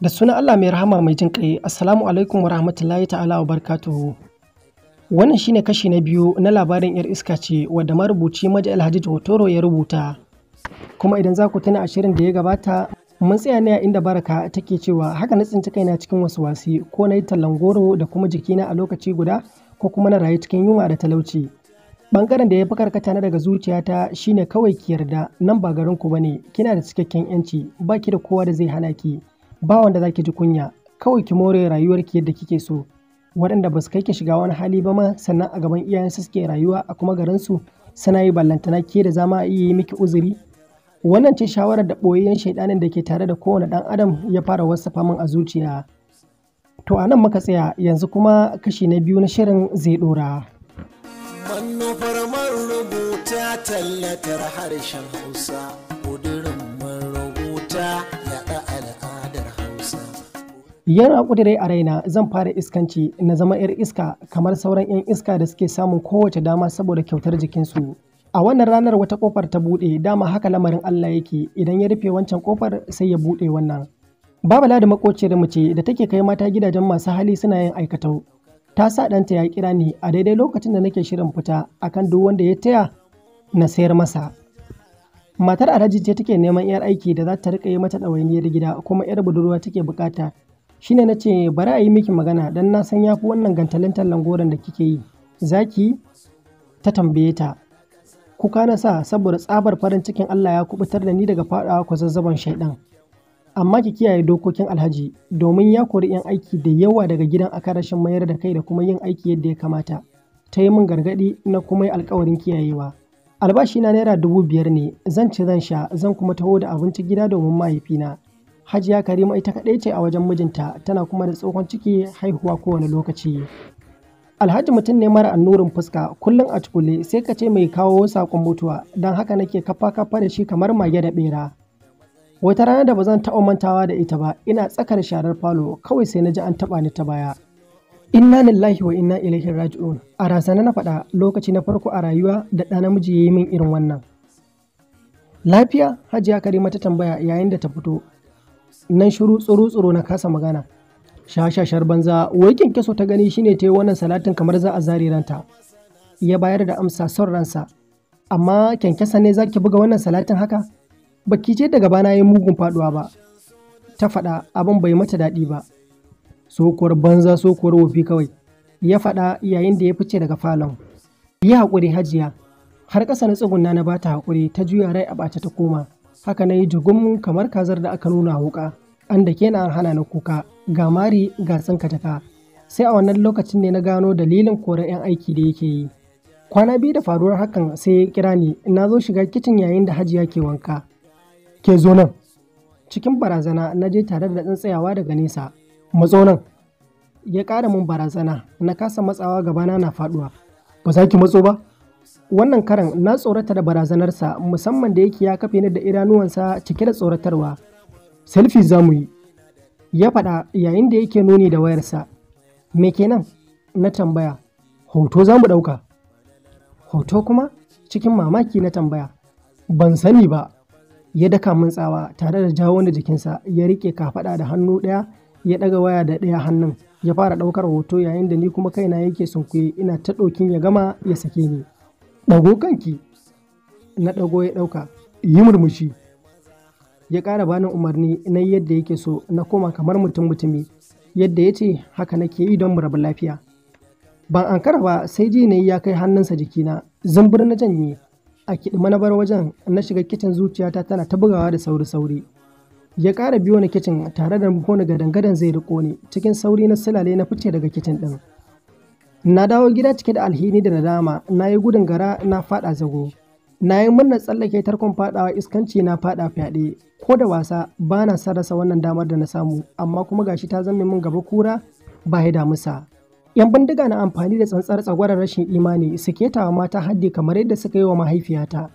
Da suna Allah mai rahama mai jin kai Assalamu alaikum wa rahmatullahi ta'ala wa barkatuhu. Wannan shine kashi na biyu na labarin 'yar iska ce wadda marubuci Maji Alhaji Hotoro ya rubuta. Kuma idan za ku tuna shirin da ya gabata, mun tsaya ne a inda baraka take cewa haka na tsinci kaina cikin wasu wasi ko na yi tallan goro da kuma jikina a lokaci guda ko kuma na rayu cikin yunwa da talauci. Bangaren da ya fi karkata na daga zuciyata shine kawai ki yarda nan ba garin ku bane kina da cikakken yanci baki da kowa da zai hana ki ba wanda zaki ji kunya kawai ki more rayuwarki yadda kike so waɗanda ba su kai ki shiga wani hali ba ma sannan a gaban iyayen su suke rayuwa a kuma garin su suna yi ballantana ke da zama iya yi miki uzuri wannan ce shawarar da ɓoyayyen shaidanin da ke tare da kowane ɗan adam ya fara wasu min a zuciya to a nan muka tsaya yanzu kuma kashi na biyu na shirin zai ɗora manufar rubuta tallatar harshen hausa ƙudurin rubuta Yana ƙudire a raina zan fara iskanci na zama 'yar iska kamar sauran 'yan iska da suke samun kowace dama saboda kyautar jikinsu. A wannan ranar wata kofar ta buɗe dama haka lamarin Allah yake idan ya rufe wancan kofar sai ya buɗe wannan. babu ladi makociyar mace da take kai mata gidajen masu hali suna yin aikatau. Ta sa ɗanta ya kira ni a daidai lokacin da nake shirin fita akan duk wanda ya taya na sayar masa. Matar Alhaji ce take neman 'yar aiki da za ta riƙa yi mata ɗawainiyar gida kuma 'yar budurwa take bukata Shi ne na ce bari a yi miki magana don na san ya fi wannan gantalin tallan goron da kike yi zaki ta tambaye ta kuka na sa saboda tsabar farin cikin Allah ya kubutar da ni daga faɗawa kwazazzaban shaidan amma ki kiyaye dokokin alhaji domin ya kori yan aiki da yawa daga gidan aka rashin mayar da kai da kuma yin aiki yadda ya kamata ta yi min gargaɗi na kuma yi alkawarin kiyayewa albashi na naira dubu biyar ne zan ci zan sha zan kuma taho da abinci gida domin mahaifina Hajiya Karima ita kaɗai ce a wajen mijinta tana kuma da tsohon ciki haihuwa kowane lokaci. Alhaji mutum ne mara annurin fuska kullum a tukule sai ka ce mai kawo saƙon mutuwa don haka nake kafa kafa da shi kamar mage da ɓera Wata rana da ba zan taɓa mantawa da ita ba ina tsakar sharar falo kawai sai na ji an taɓa ni ta baya. Inna lillahi wa inna ilaihi raji'un a rasana na faɗa lokaci na farko a rayuwa da ɗa namiji ya yi min irin wannan. Lafiya Hajiya Karima ta tambaya yayin da ta fito nan shiru tsoro tsoro na kasa magana shashashar banza wai kyankyaso ta gani shine ta yi wannan salatin kamar za a zare ranta ya bayar da amsa son ransa amma kyankyasa ne za ki buga wannan salatin haka baki ce daga bana yin mugun faduwa ba ta faɗa abin bai mata daɗi ba sokuwar banza sokuwar wofi kawai ya faɗa yayin da ya fice daga falon yi haƙuri hajiya har ƙasa na tsuguna na bata haƙuri ta juya rai a ɓata ta koma haka na yi jugum kamar kazar da aka nuna wuka an da na an hana na kuka ga mari ga taka sai a wannan lokacin ne na gano dalilin korar 'yan aiki da yake yi kwana biyu da faruwar hakan sai ya kira ni na zo shiga kicin yayin da hajiya ke wanka ke zo nan cikin barazana na je tare da tsayawa daga nesa matso nan ya ƙara min barazana na kasa matsawa gabana na faduwa ba za ki matso ba Wannan karan na tsorata da barazanarsa musamman da yake ya kafe ni da idanuwansa cike da tsoratarwa. Selfie za mu yi, ya faɗa yayin da yake nuni da wayarsa. Me kenan? Na tambaya. Hoto za mu ɗauka. Hoto kuma? Cikin mamaki na tambaya. Ban sani ba. Ya daka min tsawa tare da jawo da jikinsa ya riƙe kafaɗa da hannu ɗaya ya ɗaga waya da ɗaya hannun ya fara ɗaukar hoto yayin da ni kuma kaina yake sunkuye ina ta ɗokin ya gama ya sake ni. ɗago kanki na ɗago ya ɗauka yi murmushi ya ƙara bani umarni na yadda yake so na koma kamar mutum mutumi yadda ya ce haka nake yi don mu rabu lafiya ban ankara ba sai ji na ya kai hannunsa jikina zumbur na janye a kiɗi mana bar wajen na shiga kicin zuciyata tana ta bugawa da sauri sauri ya ƙara biyo na kicin tare da kone gadan gadan zai riƙo ni cikin sauri na silale na fice daga kicin ɗin Na dawo gida cike da alhini da nadama, na yi gudun gara na faɗa zago. Na yi murnar tsallake tarkon fadawa iskanci na fada fyaɗe, ko da wasa bana na wannan damar da na samu, amma kuma gashi ta zame min gaba kura ba ya damusa. ‘Yan bindiga na amfani da tsantsar tsagwarar rashin imani suke tawa mata haddi kamar yadda suka yi wa mahaifiyata.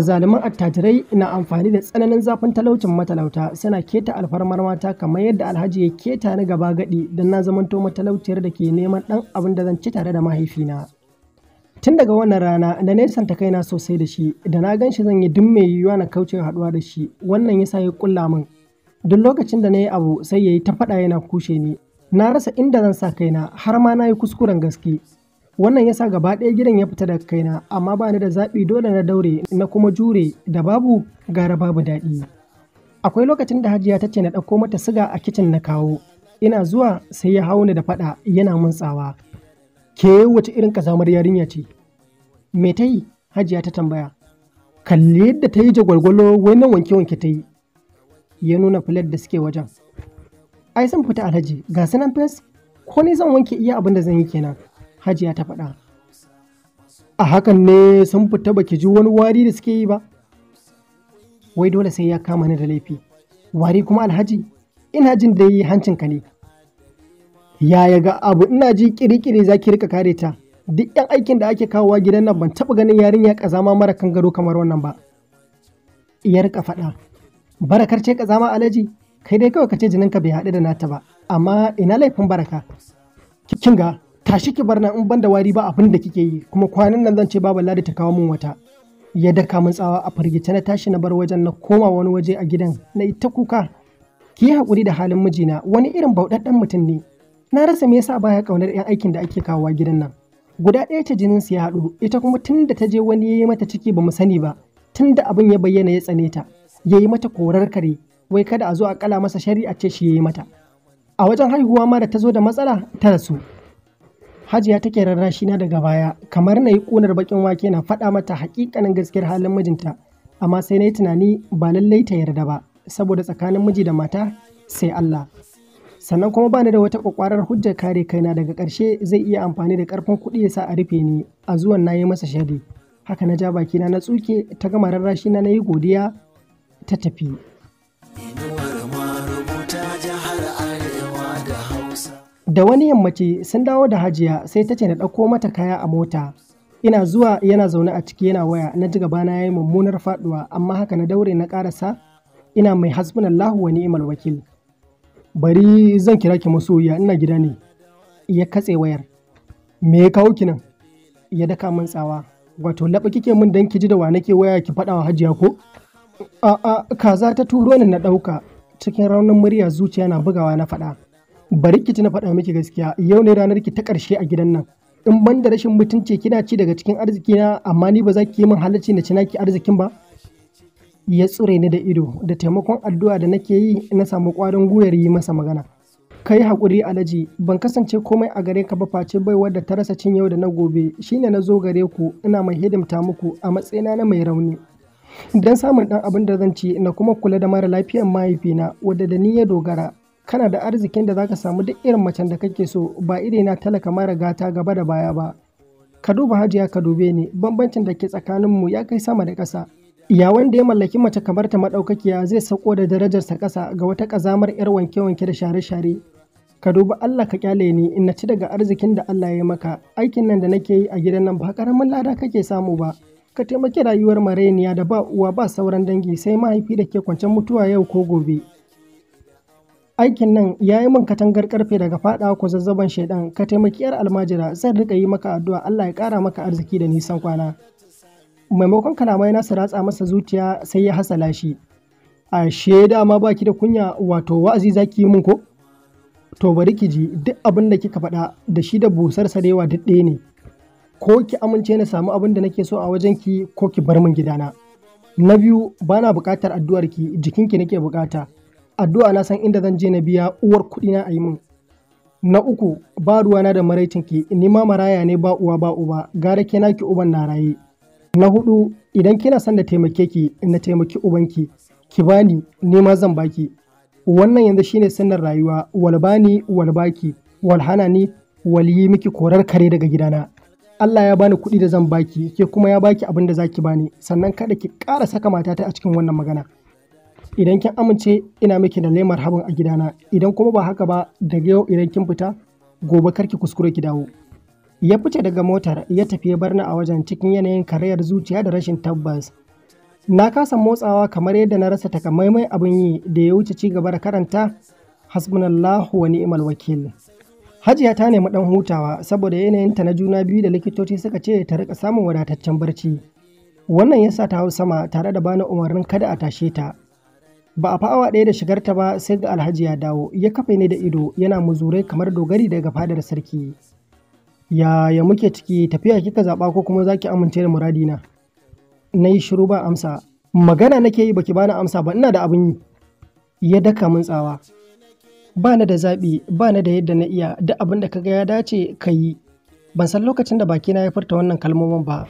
zaluman attajirai na amfani da tsananin zafin talaucin matalauta suna keta alfarmar mata kamar yadda alhaji ya keta ni gaba gadi don na zamanto matalauciyar da ke neman ɗan abin da zan ci tare da mahaifina. Tun daga wannan rana da nesanta kaina sosai da shi da na gan shi zan yi duk mai yiwuwa na kauce haduwa da shi wannan ya sa ya kulla min. Duk lokacin da na yi abu sai ya yi ta faɗa yana kushe ni. Na rasa inda zan sa kaina har ma na yi kuskuren gaske. Wannan yasa gaba ɗaya gidan ya fita daga kaina, amma ba ni da zaɓi dole na daure na kuma jure da babu gara babu daɗi. Akwai lokacin da Hajiya ta ce na ɗauko mata siga a kicin na kawo, ina zuwa sai ya hau ni da faɗa yana mun tsawa. Ke wace irin kazamar yarinya ce? Me ta yi? Hajiya ta tambaya. Kalli yadda ta yi jagwalgwalo wai nan wanke-wanke ta yi. Ya nuna filar da suke wajen. Ai sun fita alhaji, ga sanan fes, ko ni zan wanke iya abin da zan yi kenan. Hajiya ta faɗa. A hakan ne sun fita baki ji wani wari da suke yi ba? Wai dole sai ya kama ni da laifi. Wari kuma alhaji, ina jin hancin hancinka ne. Ya ya ga abu ina ji kirikiri za ki rika kare ta. Duk 'yan aikin da ake kawowa gidan nan ban taɓa ganin yarinya ƙazama mara kan gado kamar wannan ba. Iyar ka faɗa. Barakar ce ƙazama alhaji, kai dai kawai ka ce jininka bai haɗu da nata ba. Amma ina laifin baraka. Kin ga tashi ki barna in banda wari ba abin da kike yi kuma kwanan nan zan ce babu ladi ta kawo min wata ya daka min tsawa a firgice na tashi na bar wajen na koma wani waje a gidan na ita kuka ki yi haƙuri da halin mijina wani irin bauɗaɗɗen mutum ne na rasa me yasa baya kaunar 'yan aikin da ake kawowa gidan nan guda ɗaya ta jinin su ya haɗu ita kuma tun da ta je wani ya yi mata ciki ba mu sani ba tun da abin ya bayyana ya tsane ta ya yi mata korar kare wai kada a zo a kala masa shari'a ce shi ya yi mata a wajen haihuwa ma da ta zo da matsala ta rasu Hajiya take rarrashi na daga baya kamar na yi ƙunar baƙin wake na faɗa mata haƙiƙanin gaskiyar halin mijinta amma sai na yi tunani ba lallai ta yarda ba saboda tsakanin miji da mata sai Allah. Sannan kuma bani da wata ƙwaƙwarar hujjar kare kaina daga ƙarshe zai iya amfani da ƙarfin kuɗi ya sa a rufe ni a zuwan na yi masa shari. Haka na ja bakina na tsuke ta gama rarrashi na na yi godiya ta tafi. Da wani yammaci sun dawo da hajiya sai ta ce na ɗauko mata kaya a mota. Ina zuwa yana zaune a ciki yana waya na ji gabana yayi yi mummunar faɗuwa amma haka na daure na ƙarasa ina mai hasbunallahu wa ni'mal wakil. Bari zan kira ki masoyiya ina gida ne. Ya katse wayar. Me ya kawo ki nan? Ya daka min tsawa. Wato laɓa kike min dan ki ji da wa nake waya ki faɗa wa hajiya ko? A'a kaza ta turo ni na ɗauka cikin raunin murya zuciya na bugawa na faɗa. bari ki ci na faɗa miki gaskiya yau ne ranar ki ta ƙarshe a gidan nan in ban da rashin mutunci kina ci daga cikin arziki na amma ni ba za ki yi min halacci na ci naki arzikin ba ya tsure ni da ido da taimakon addu'a da nake yi na samu ƙwarin gwiwar yi masa magana kai haƙuri alaji ban kasance komai a gare ka ba face bai wadda ta rasa cin yau da na gobe shine na zo gare ku ina mai hidimta muku a matsayina na mai rauni don samun ɗan abin da zan ci na kuma kula da mara lafiyar mahaifina wadda da ni ya dogara kana da arzikin da zaka samu duk irin macen da kake so ba iri na talaka mara gata gaba da baya ba ka duba hajiya ka dube ni bambancin da ke mu ya kai sama da ƙasa ya wanda ya mallaki mace kamar ta madaukakiya zai sako da darajarsa ƙasa ga wata ƙazamar yar wanke-wanke da share-share ka duba Allah ka kyale ni in na ci daga arzikin da Allah ya maka aikin nan da nake yi a gidan nan ba karamin lada kake samu ba ka taimaki rayuwar mareniya da ba uwa ba sauran dangi sai mahaifi da ke kwancen mutuwa yau ko gobe aikin nan ya yi min katangar karfe daga faɗa ko zazzaban shaidan ka taimaki yar almajira zan rika yi maka addu'a Allah ya kara maka arziki da nisan kwana maimakon kalamai na su ratsa masa zuciya sai ya hasala shi ashe dama baki da kunya wato wa'azi zaki yi min ko to bari ki ji duk abin da kika faɗa da shi da busar sarewa duk ɗaya ne ko ki amince na samu abin da nake so a wajen ki ko ki bar min gidana na biyu bana buƙatar addu'ar ki jikinki nake buƙata addu'a na san inda zan je na biya uwar kuɗi na a yi min na uku ba ruwana da maraicin ki ni ma maraya ne ba uwa ba uba gara ke ki uban na raye na hudu idan kina son da taimake ki na taimaki ubanki ki bani ni ma zan baki wannan yanzu shine sannan rayuwa wal bani wal baki wal hana ni wal yi miki korar kare daga gidana Allah ya bani kuɗi da zan baki ke kuma ya baki abin da zaki bani sannan kada ki ƙara saka matata a cikin wannan magana idan kin amince ina miki da lemar habin a gidana idan kuma ba haka ba daga yau idan kin fita gobe karki kuskure ki dawo ya fice daga motar ya tafi ya barna a wajen cikin yanayin karayar zuciya da rashin tabbas na kasa motsawa kamar yadda na rasa takamaimai abin yi da ya wuce ci gaba da karanta hasbunallahu wa ni'mal wakil hajiya ta nemi dan hutawa saboda yanayinta na juna biyu da likitoci suka ce ta rika samun wadataccen barci wannan ya sa ta hau sama tare da bani umarnin kada a tashe ta Ba a fa awa ɗaya da shigarta ba sai ga Alhaji ya dawo, ya kafa ne da ido yana muzurai kamar dogari daga fadar sarki. Ya ya muke ciki tafiya kika zaɓa ko kuma zaki amince da muradina? Na yi shiru ba amsa, magana nake yi baki bani amsa ba ina da abin yi. Ya daka min tsawa. Ba na da zaɓi, ba na da yadda na iya, Da abin da kaga ya dace ka yi. Ban san lokacin da bakina ya furta wannan kalmomin ba,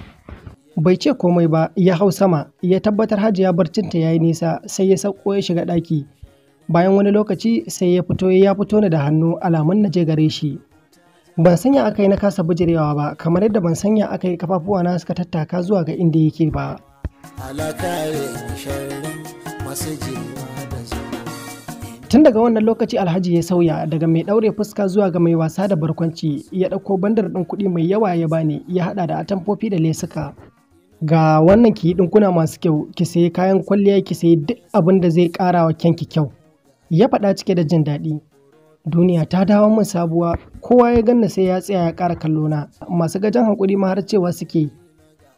Bai ce komai ba ya hau sama ya tabbatar hajiya barcinta ya yi nisa sai ya sauko ya shiga ɗaki. Bayan wani lokaci sai ya fito ya fito ni da hannu alamun na je gare shi. Ban sanya aka yi na kasa bijirewa ba kamar yadda ban sanya aka yi kafafuwa na suka tattaka zuwa ga inda yake ba. Tun daga wannan lokaci Alhaji ya sauya daga mai ɗaure fuska zuwa ga mai wasa da barkwanci ya ɗauko bandar ɗin kuɗi mai yawa ya bani ya haɗa da atamfofi da lesuka. ga wannan ki dinkuna masu kyau ki sayi kayan kwalliya ki sayi duk abin da zai ƙara wa kyanki kyau ya faɗa cike da jin daɗi duniya ta dawo min sabuwa kowa ya ganna sai ya tsaya ya ƙara kallo na masu gajan hakuri ma har cewa suke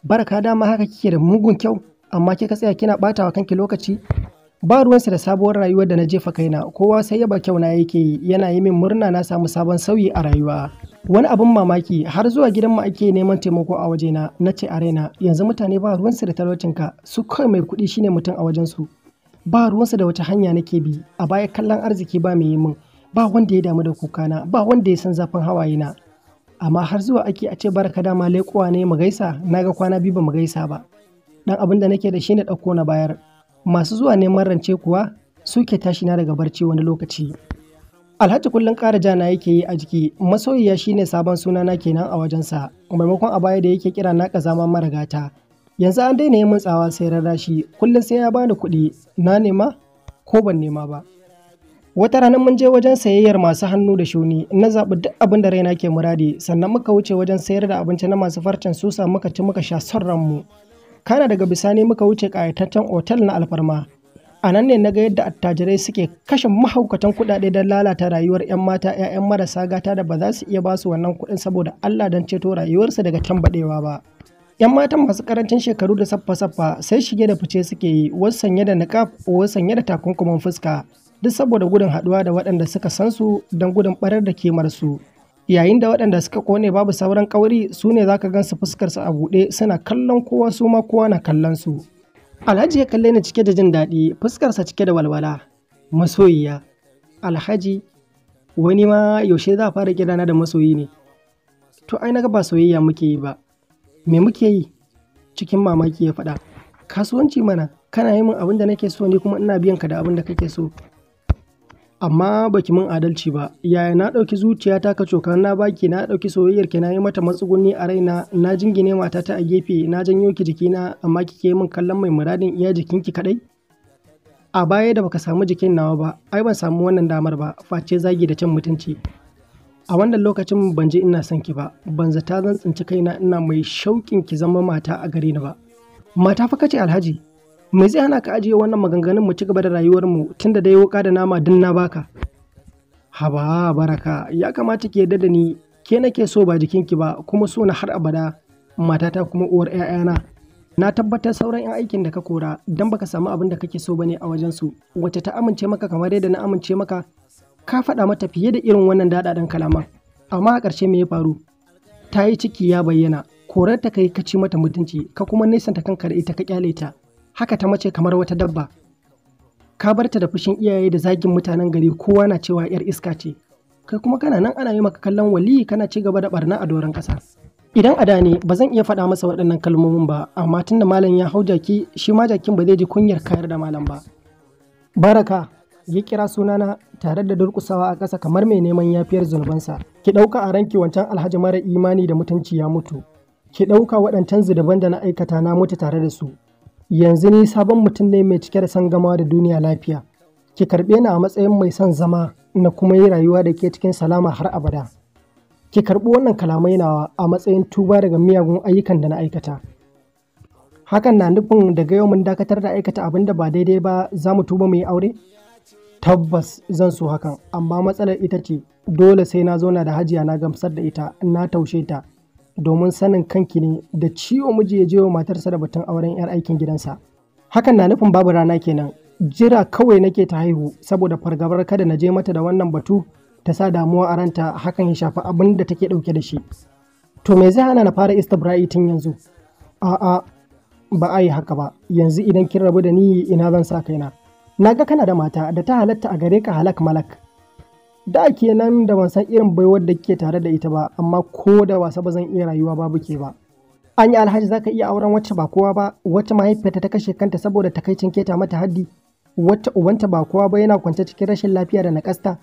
barka dama haka kike da mugun kyau amma kika tsaya kina ɓata wa kanki lokaci ba ruwansa da sabuwar rayuwar da na jefa kaina kowa sai yaba kyau na yake yana yi min murna na samu sabon sauyi a rayuwa wani abin mamaki har zuwa gidan mu ake neman taimako a waje na ce a raina yanzu mutane ba ruwan su da talaucinka su kawai mai kuɗi shine mutum a wajen su. ba ruwansu da wata hanya nake bi a baya kallon arziki ba mai yi min ba wanda ya damu da kukana ba wanda ya san zafin hawaye na amma har zuwa ake a ce baraka dama leƙuwa ne mu gaisa naga kwana biyu ba mu gaisa ba dan abin da nake da shi na ɗauko na bayar masu zuwa neman rance kuwa suke tashi na daga barci wani lokaci Alhaji kullum ƙara jana yake yi a jiki, masoyiya shine sabon sunana kenan a wajensa, maimakon a baya da yake kira na ƙazama mara gata. Yanzu an daina yi mutsawa tsawa sai rarrashi, kullum sai ya bani kuɗi, na nema ko ban nema ba. Wata ranar mun je wajen sayayyar masu hannu da shuni, na zaɓi duk abin da raina ke muradi, sannan muka wuce wajen sayar da abinci na masu farcen susa muka ci muka sha son ranmu. Kana daga bisani muka wuce ƙayataccen otal na alfarma, A nan ne na ga yadda attajirai suke kashe mahaukatan kuɗaɗe don lalata rayuwar 'yan mata 'ya'yan marasa gata da ba za su iya ba su wannan kuɗin saboda Allah don ceto rayuwarsa daga tambaɗewa ba. 'Yan matan masu karancin shekaru da saffa-saffa sai shige da fice suke yi, wasu sanye da niqab, wasu sanye da takunkumin fuska, duk saboda gudun haɗuwa da waɗanda suka san su don gudun ɓarar da su Yayin da waɗanda suka kone babu sauran ƙauri su ne za ka gan su fuskarsu a buɗe suna kallon kowa su ma kowa na kallon su. Alhaji ya kalle ni cike da jin daɗi fuskarsa cike da walwala masoyiya Alhaji wani ma yaushe za a fara kirana da masoyi ne to ai naga ba soyayya muke yi ba me muke yi cikin mamaki ya faɗa kasuwanci mana kana yi min abin da nake so ne kuma ina biyan ka da abin da kake so amma baki mun adalci ba. Yaya na ɗauki zuciyata cokar na baki, na ɗauki ki na yi mata matsuguni a raina, na jingine mata ta a gefe, na janyo ki jikina amma kike min kallon mai muradin iya jikin ki kaɗai? A baya da baka samu jikin nawa ba, ai ban samu wannan damar ba, face zagi da can mutunci. A wannan lokacin ban je ina son ki ba, ban zata zan tsinci kaina ina mai shaukin ki zama mata a gare ni ba. Mata fa kace Alhaji, Mai zai hana ka ajiye wannan maganganun mu ci gaba da rayuwar mu da dai wuka da nama din na baka haba baraka ya kamata ki yarda da ni ke nake so ba jikin ki ba kuma so na har abada matata kuma uwar 'ya'yana na tabbatar sauran 'yan aikin da ka kora don baka samu abin da kake so ne a wajen su. wacce ta amince maka kamar yadda na amince maka ka faɗa mata fiye da irin wannan daɗaɗen kalaman amma a ƙarshe me ya faru ta yi ciki ya bayyana korar ta kai ka ci mata mutunci ka kuma nesanta kanka da ita ka kyale ta haka ta mace kamar wata dabba ka bar ta da fushin iyaye da zagin mutanen gari kowa na cewa yar iska ce kai kuma kana nan ana yi maka kallon wali kana ci gaba da barna a doron ƙasa idan a da ne ba zan iya faɗa masa waɗannan kalmomin ba amma tun da malam ya hau jaki shi ma jakin ba zai ji kunyar kayar da malam ba baraka ya kira sunana tare da durƙusawa a ƙasa kamar mai neman yafiyar zunubansa ki ɗauka a ranki wancan alhaji mara imani da mutunci ya mutu ki ɗauka waɗancan zunuban da na aikata na mutu tare da su yanzu ni sabon mutum ne mai cike da son gama da duniya lafiya ki karɓe ni a matsayin mai son zama na kuma yi rayuwa da ke cikin salama har abada ki karɓi wannan kalamai nawa a matsayin tuba daga miyagun ayyukan da na aikata hakan na nufin daga yau mun dakatar da aikata abin da ba daidai ba za mu tuba mu yi aure tabbas zan so hakan amma matsalar ita ce dole sai na zauna da hajiya na gamsar da ita na taushe ta domin sanin kanki ne da ciwo miji ya je wa matarsa da batun auren 'yar aikin gidansa. Hakan na nufin babu rana kenan, jira kawai nake ta haihu saboda fargabar kada na je mata da wannan batu ta sa damuwa a ranta hakan ya shafi abin da take ɗauke da shi. To me zai hana na fara istibra'i tun yanzu? A'a, ba a yi haka ba, yanzu idan kin rabu da ni ina zan sa kaina. Na ga kana da mata da ta halatta a gare ka halak malak, da kenan da ban san irin baiwar da ke tare da ita ba amma ko da wasa ba zan iya rayuwa ba ke ba an yi alhaji zaka iya auren wacce ba kowa ba wacce mahaifiyarta ta kashe kanta saboda takaicin keta mata haddi wacce ubanta ba kowa ba yana kwance cikin rashin lafiya da nakasta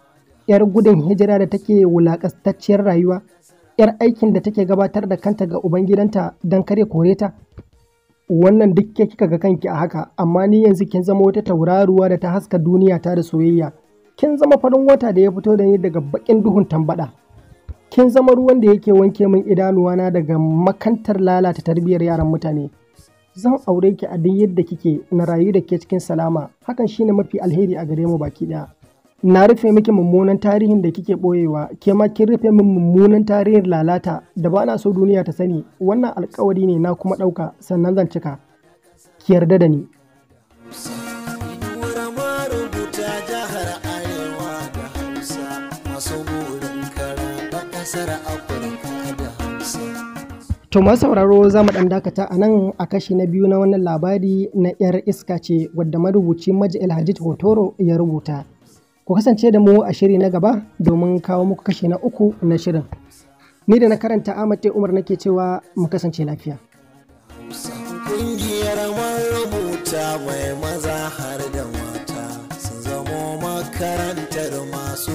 yar gudun hijira da take wulakastacciyar rayuwa yar aikin da take gabatar da kanta ga ubangidanta dan kare kore ta wannan duk ke kika ga kanki a haka amma ni yanzu kin zama wata tauraruwa da ta haska duniya ta da soyayya kin zama farin wata da ya fito da ni daga bakin duhun tambada kin zama ruwan da yake wanke min na daga makantar lalata tarbiyyar yaran mutane zan aure ki a duk yadda kike na rayu da ke cikin salama hakan shine mafi alheri a gare mu baki daya na rufe miki mummunan tarihin da kike boyewa ke ma kin rufe min mummunan tarihin lalata da ba na so duniya ta sani wannan alkawari ne na kuma ɗauka sannan zan cika ki yarda da ni. To masu sauraro za mu ɗan dakata a nan a kashi na biyu na wannan labari na 'yar iska ce wadda marubuci Maji Alhaji Hotoro ya rubuta. Ku kasance da mu a shiri na gaba domin kawo muku kashi na uku na shirin. Ni da na karanta Amate Umar nake cewa mu kasance lafiya.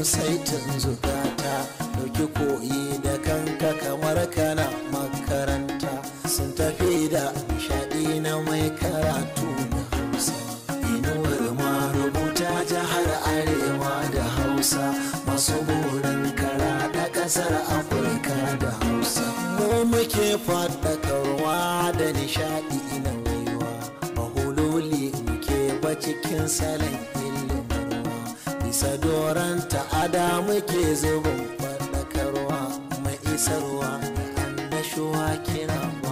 saitin zukata ɗauki koyi da kanka kamar kana masu burin kara da kasar afirka da hausa mu muke faɗakarwa da nishaɗi ina baiwa mahuloli muke ba cikin salon ilimarwa bisa doron ta'ada muke zubin faɗakarwa mai isarwa da annashuwa kira mu